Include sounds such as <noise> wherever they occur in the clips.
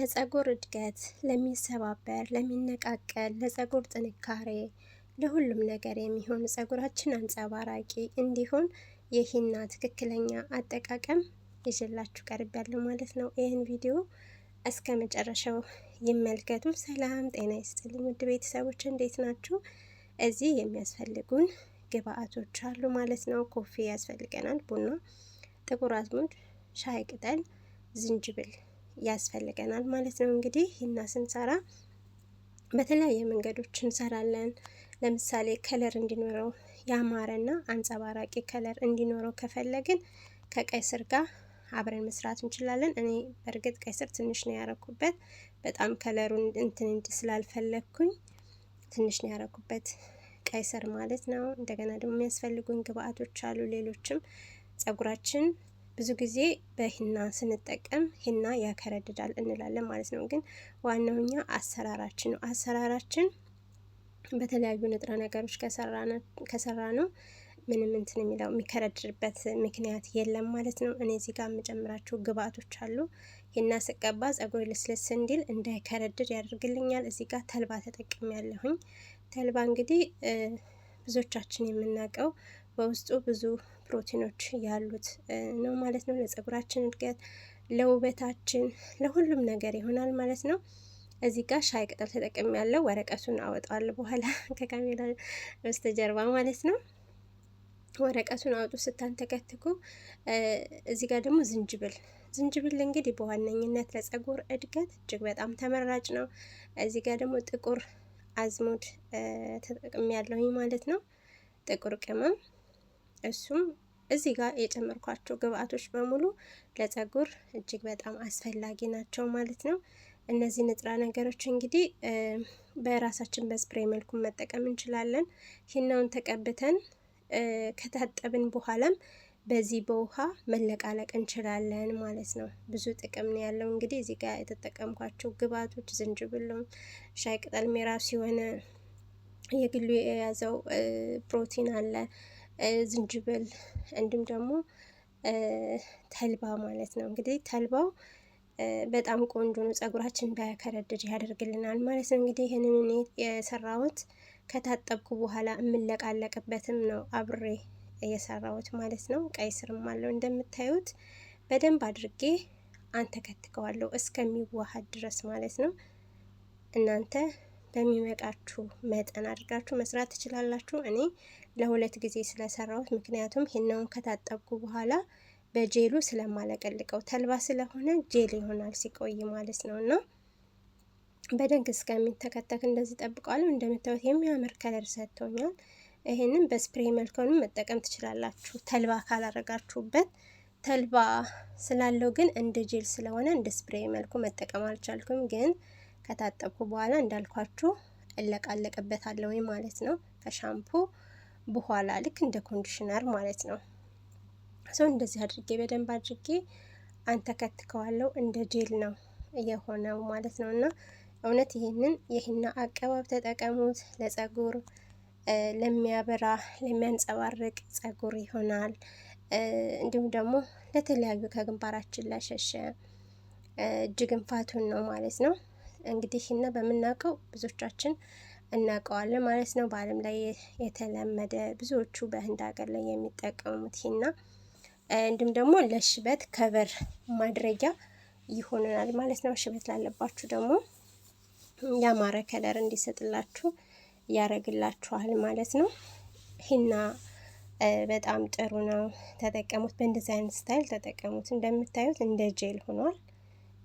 ለፀጉር እድገት፣ ለሚሰባበር፣ ለሚነቃቀል፣ ለፀጉር ጥንካሬ፣ ለሁሉም ነገር የሚሆን ፀጉራችን አንጸባራቂ እንዲሆን የሂና ትክክለኛ አጠቃቀም ይዤላችሁ ቀርቤያለሁ ማለት ነው። ይህን ቪዲዮ እስከ መጨረሻው ይመልከቱ። ሰላም ጤና ይስጥልኝ ውድ ቤተሰቦች እንዴት ናችሁ? እዚህ የሚያስፈልጉን ግብአቶች አሉ ማለት ነው። ኮፊ ያስፈልገናል፣ ቡና፣ ጥቁር አዝሙድ፣ ሻይ ቅጠል፣ ዝንጅብል ያስፈልገናል ማለት ነው። እንግዲህ ሂና ስንሰራ በተለያየ መንገዶች እንሰራለን። ለምሳሌ ከለር እንዲኖረው ያማረና አንጸባራቂ ከለር እንዲኖረው ከፈለግን ከቀይ ስር ጋር አብረን መስራት እንችላለን። እኔ በእርግጥ ቀይ ስር ትንሽ ነው ያረኩበት፣ በጣም ከለሩን እንትን እንዲ ስላልፈለግኩኝ ትንሽ ነው ያረኩበት ቀይ ስር ማለት ነው። እንደገና ደግሞ የሚያስፈልጉን ግብአቶች አሉ ሌሎችም ጸጉራችን ብዙ ጊዜ በሂና ስንጠቀም ሂና ያከረድዳል እንላለን ማለት ነው። ግን ዋናውኛ አሰራራችን ነው። አሰራራችን በተለያዩ ንጥረ ነገሮች ከሰራ ነው ምንም እንትን የሚለው የሚከረድርበት ምክንያት የለም ማለት ነው። እኔ እዚህ ጋር የምጨምራቸው ግብአቶች አሉ። ሂና ስቀባ ጸጉር ልስልስ እንዲል እንዳይከረድድ ያደርግልኛል። እዚህ ጋር ተልባ ተጠቅሜ ያለሁኝ። ተልባ እንግዲህ ብዙዎቻችን የምናውቀው በውስጡ ብዙ ፕሮቲኖች ያሉት ነው ማለት ነው። ለፀጉራችን እድገት፣ ለውበታችን፣ ለሁሉም ነገር ይሆናል ማለት ነው። እዚህ ጋር ሻይ ቅጠል ተጠቅም ያለው ወረቀቱን አወጣዋለሁ በኋላ <laughs> ከካሜራ በስተጀርባ ማለት ነው። ወረቀቱን አውጡ ስታንተከትኩ። እዚህ ጋር ደግሞ ዝንጅብል ዝንጅብል እንግዲህ በዋነኝነት ለፀጉር እድገት እጅግ በጣም ተመራጭ ነው። እዚህ ጋር ደግሞ ጥቁር አዝሙድ ተጠቅም ያለሁኝ ማለት ነው። ጥቁር ቅመም እሱም እዚህ ጋር የጨመርኳቸው ግብአቶች በሙሉ ለፀጉር እጅግ በጣም አስፈላጊ ናቸው ማለት ነው። እነዚህ ንጥረ ነገሮች እንግዲህ በራሳችን በስፕሬ መልኩ መጠቀም እንችላለን። ሂናውን ተቀብተን ከታጠብን በኋላም በዚህ በውሃ መለቃለቅ እንችላለን ማለት ነው። ብዙ ጥቅም ነው ያለው። እንግዲህ እዚህ ጋር የተጠቀምኳቸው ግብአቶች ዝንጅብሉም፣ ሻይ ቅጠል፣ የራሱ የሆነ የግሉ የያዘው ፕሮቲን አለ። ዝንጅብል እንዲሁም ደግሞ ተልባ ማለት ነው። እንግዲህ ተልባው በጣም ቆንጆ ነው፣ ጸጉራችን እንዳያከረድድ ያደርግልናል ማለት ነው። እንግዲህ ይህንን እኔ የሰራሁት ከታጠብኩ በኋላ የምለቃለቅበትም ነው አብሬ የሰራሁት ማለት ነው። ቀይ ስርም አለው እንደምታዩት በደንብ አድርጌ አንተከትከዋለሁ እስከሚዋሃድ ድረስ ማለት ነው እናንተ በሚመጣችሁ መጠን አድርጋችሁ መስራት ትችላላችሁ። እኔ ለሁለት ጊዜ ስለሰራሁት ምክንያቱም ሂናውን ከታጠብኩ በኋላ በጄሉ ስለማለቀልቀው ተልባ ስለሆነ ጄል ይሆናል ሲቆይ ማለት ነው እና በደንብ እስከሚተከተክ እንደዚህ ጠብቀዋለሁ። እንደምታዩት የሚያምር ከለር ሰጥቶኛል። ይህንን በስፕሬ መልከውንም መጠቀም ትችላላችሁ። ተልባ ካላረጋችሁበት ተልባ ስላለው ግን እንደ ጄል ስለሆነ እንደ ስፕሬ መልኩ መጠቀም አልቻልኩም ግን ከታጠብኩ በኋላ እንዳልኳችሁ እለቃለቅበታለሁ ማለት ነው። ከሻምፑ በኋላ ልክ እንደ ኮንዲሽነር ማለት ነው። ሰው እንደዚህ አድርጌ በደንብ አድርጌ አንተከትከዋለሁ። እንደ ጄል ነው የሆነው ማለት ነው። እና እውነት ይህንን የሂና አቀባብ ተጠቀሙት። ለጸጉር ለሚያበራ ለሚያንጸባርቅ ጸጉር ይሆናል። እንዲሁም ደግሞ ለተለያዩ ከግንባራችን ላሸሸ እጅግ ግንፋቱን ነው ማለት ነው እንግዲህ እና በምናውቀው ብዙዎቻችን እናውቀዋለን ማለት ነው። በዓለም ላይ የተለመደ ብዙዎቹ በህንድ ሀገር ላይ የሚጠቀሙት ሂና እንዲሁም ደግሞ ለሽበት ከቨር ማድረጊያ ይሆነናል ማለት ነው። ሽበት ላለባችሁ ደግሞ ያማረ ከለር እንዲሰጥላችሁ ያደርግላችኋል ማለት ነው። ሂና በጣም ጥሩ ነው። ተጠቀሙት። በእንደዚህ አይነት ስታይል ተጠቀሙት። እንደምታዩት እንደ ጄል ሆኗል።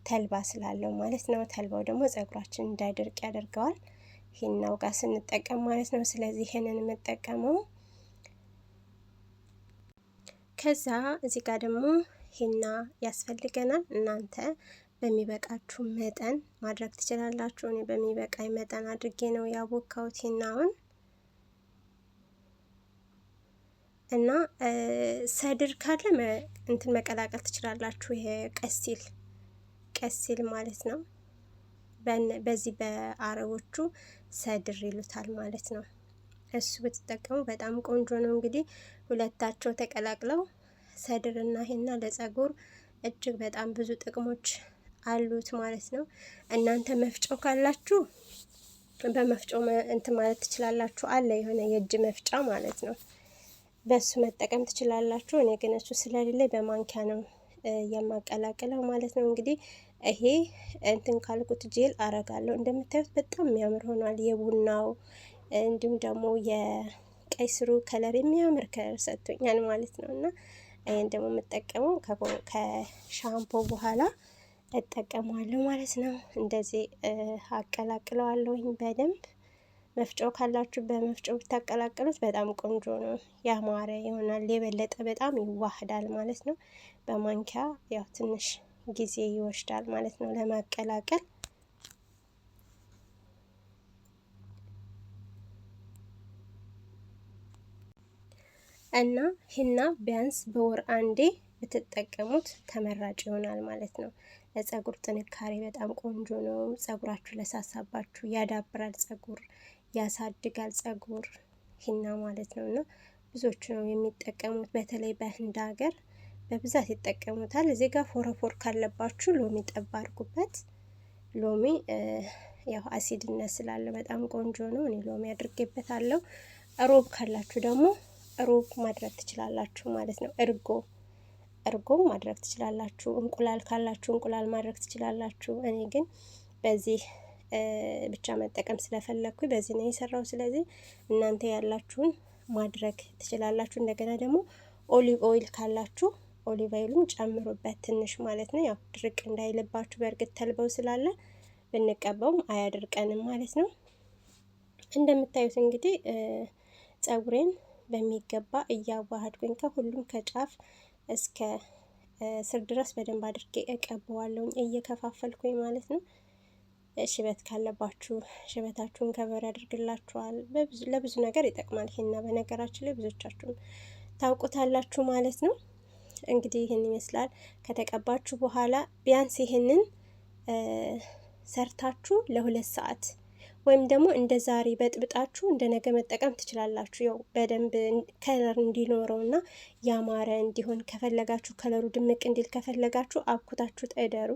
ተልባ ስላለው ማለት ነው። ተልባው ደግሞ ጸጉራችን እንዳይደርቅ ያደርገዋል። ሂናው ጋር ስንጠቀም ማለት ነው። ስለዚህ ይህንን የምጠቀመው ከዛ እዚህ ጋር ደግሞ ሂና ያስፈልገናል። እናንተ በሚበቃችሁ መጠን ማድረግ ትችላላችሁ። እኔ በሚበቃኝ መጠን አድርጌ ነው ያቦካሁት ሂናውን እና ሰድር ካለ እንትን መቀላቀል ትችላላችሁ። ይሄ ቀሲል ቀስ ሲል ማለት ነው። በዚህ በአረቦቹ ሰድር ይሉታል ማለት ነው። እሱ ብትጠቀሙ በጣም ቆንጆ ነው። እንግዲህ ሁለታቸው ተቀላቅለው ሰድርና ሄና ለጸጉር እጅግ በጣም ብዙ ጥቅሞች አሉት ማለት ነው። እናንተ መፍጫው ካላችሁ በመፍጫው እንትን ማለት ትችላላችሁ። አለ የሆነ የእጅ መፍጫ ማለት ነው። በሱ መጠቀም ትችላላችሁ። እኔ ግን እሱ ስለሌለ በማንኪያ ነው የማቀላቅለው ማለት ነው እንግዲህ ይሄ እንትን ካልኩት ጄል አረጋለሁ። እንደምታዩት በጣም የሚያምር ሆኗል። የቡናው እንዲሁም ደግሞ የቀይ ስሩ ከለር የሚያምር ከለር ሰጥቶኛል ማለት ነው። እና ይህን ደግሞ የምጠቀመው ከሻምፖ በኋላ እጠቀመዋለሁ ማለት ነው። እንደዚህ አቀላቅለዋለሁኝ በደንብ መፍጮ ካላችሁ በመፍጮ ብታቀላቀሉት በጣም ቆንጆ ነው፣ ያማረ ይሆናል። የበለጠ በጣም ይዋህዳል ማለት ነው። በማንኪያ ያው ትንሽ ጊዜ ይወስዳል ማለት ነው ለማቀላቀል። እና ሂና ቢያንስ በወር አንዴ ብትጠቀሙት ተመራጭ ይሆናል ማለት ነው። ለጸጉር ጥንካሬ በጣም ቆንጆ ነው። ጸጉራችሁ ለሳሳባችሁ ያዳብራል፣ ጸጉር ያሳድጋል። ጸጉር ሂና ማለት ነው እና ብዙዎቹ ነው የሚጠቀሙት በተለይ በህንድ ሀገር በብዛት ይጠቀሙታል። እዚህ ጋር ፎረፎር ካለባችሁ ሎሚ ጠብ አድርጉበት። ሎሚ ያው አሲድነት ስላለ በጣም ቆንጆ ነው። እኔ ሎሚ አድርጌበታለሁ። ሮብ ካላችሁ ደግሞ ሮብ ማድረግ ትችላላችሁ ማለት ነው። እርጎ እርጎ ማድረግ ትችላላችሁ። እንቁላል ካላችሁ እንቁላል ማድረግ ትችላላችሁ። እኔ ግን በዚህ ብቻ መጠቀም ስለፈለግኩኝ በዚህ ነው የሰራው። ስለዚህ እናንተ ያላችሁን ማድረግ ትችላላችሁ። እንደገና ደግሞ ኦሊቭ ኦይል ካላችሁ ኦሊቭ ኦይሉም ጨምሩበት ትንሽ ማለት ነው። ያው ድርቅ እንዳይልባችሁ በእርግጥ ተልበው ስላለ ብንቀባውም አያድርቀንም ማለት ነው። እንደምታዩት እንግዲህ ጸጉሬን በሚገባ እያዋሃድኩኝ ከሁሉም ከጫፍ እስከ ስር ድረስ በደንብ አድርጌ እቀበዋለሁኝ እየከፋፈልኩኝ ማለት ነው። ሽበት ካለባችሁ ሽበታችሁን ከበር ያደርግላችኋል። ለብዙ ነገር ይጠቅማል። ይሄና በነገራችን ላይ ብዙዎቻችሁን ታውቁታላችሁ ማለት ነው። እንግዲህ ይህን ይመስላል። ከተቀባችሁ በኋላ ቢያንስ ይህንን ሰርታችሁ ለሁለት ሰዓት ወይም ደግሞ እንደ ዛሬ በጥብጣችሁ እንደ ነገ መጠቀም ትችላላችሁ። ያው በደንብ ከለር እንዲኖረው እና ያማረ እንዲሆን ከፈለጋችሁ ከለሩ ድምቅ እንዲል ከፈለጋችሁ አብኩታችሁ ጠደሩ፣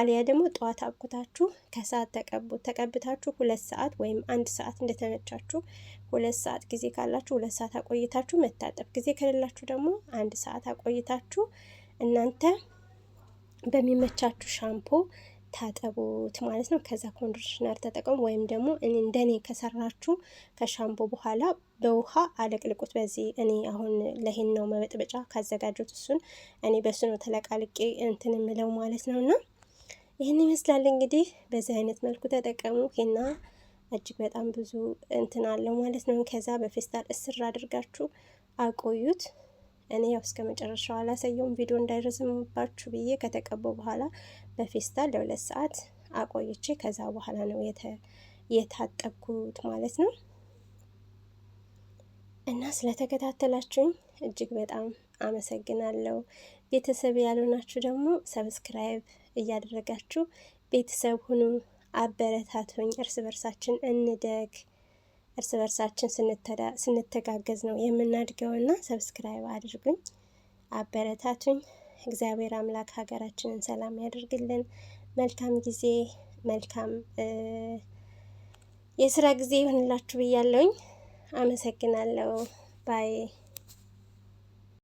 አሊያ ደግሞ ጠዋት አብኩታችሁ ከሰዓት ተቀቡ። ተቀብታችሁ ሁለት ሰዓት ወይም አንድ ሰዓት እንደተመቻችሁ ሁለት ሰዓት ጊዜ ካላችሁ ሁለት ሰዓት አቆይታችሁ መታጠብ፣ ጊዜ ከሌላችሁ ደግሞ አንድ ሰዓት አቆይታችሁ እናንተ በሚመቻችሁ ሻምፖ ታጠቡት ማለት ነው። ከዛ ኮንዲሽነር ተጠቀሙ ወይም ደግሞ እንደኔ ከሰራችሁ ከሻምፖ በኋላ በውሃ አለቅልቁት። በዚህ እኔ አሁን ለሄን ነው መበጥበጫ ካዘጋጁት እሱን እኔ በሱ ነው ተለቃልቄ እንትን ምለው ማለት ነው። እና ይህን ይመስላል እንግዲህ በዚህ አይነት መልኩ ተጠቀሙ ሄና እጅግ በጣም ብዙ እንትን አለው ማለት ነው። ከዛ በፌስታል እስር አድርጋችሁ አቆዩት። እኔ ያው እስከ መጨረሻው አላሳየውም ቪዲዮ እንዳይረዝምባችሁ ብዬ ከተቀበው በኋላ በፌስታል ለሁለት ሰዓት አቆይቼ ከዛ በኋላ ነው የታጠብኩት ማለት ነው። እና ስለተከታተላችሁኝ እጅግ በጣም አመሰግናለሁ። ቤተሰብ ያልሆናችሁ ደግሞ ሰብስክራይብ እያደረጋችሁ ቤተሰብ ሁኑ፣ አበረታቱኝ። እርስ በርሳችን እንደግ። እርስ በርሳችን ስንተጋገዝ ነው የምናድገውና ሰብስክራይብ አድርጉኝ፣ አበረታቱኝ። እግዚአብሔር አምላክ ሀገራችንን ሰላም ያደርግልን። መልካም ጊዜ፣ መልካም የስራ ጊዜ ይሁንላችሁ ብያለውኝ። አመሰግናለሁ ባይ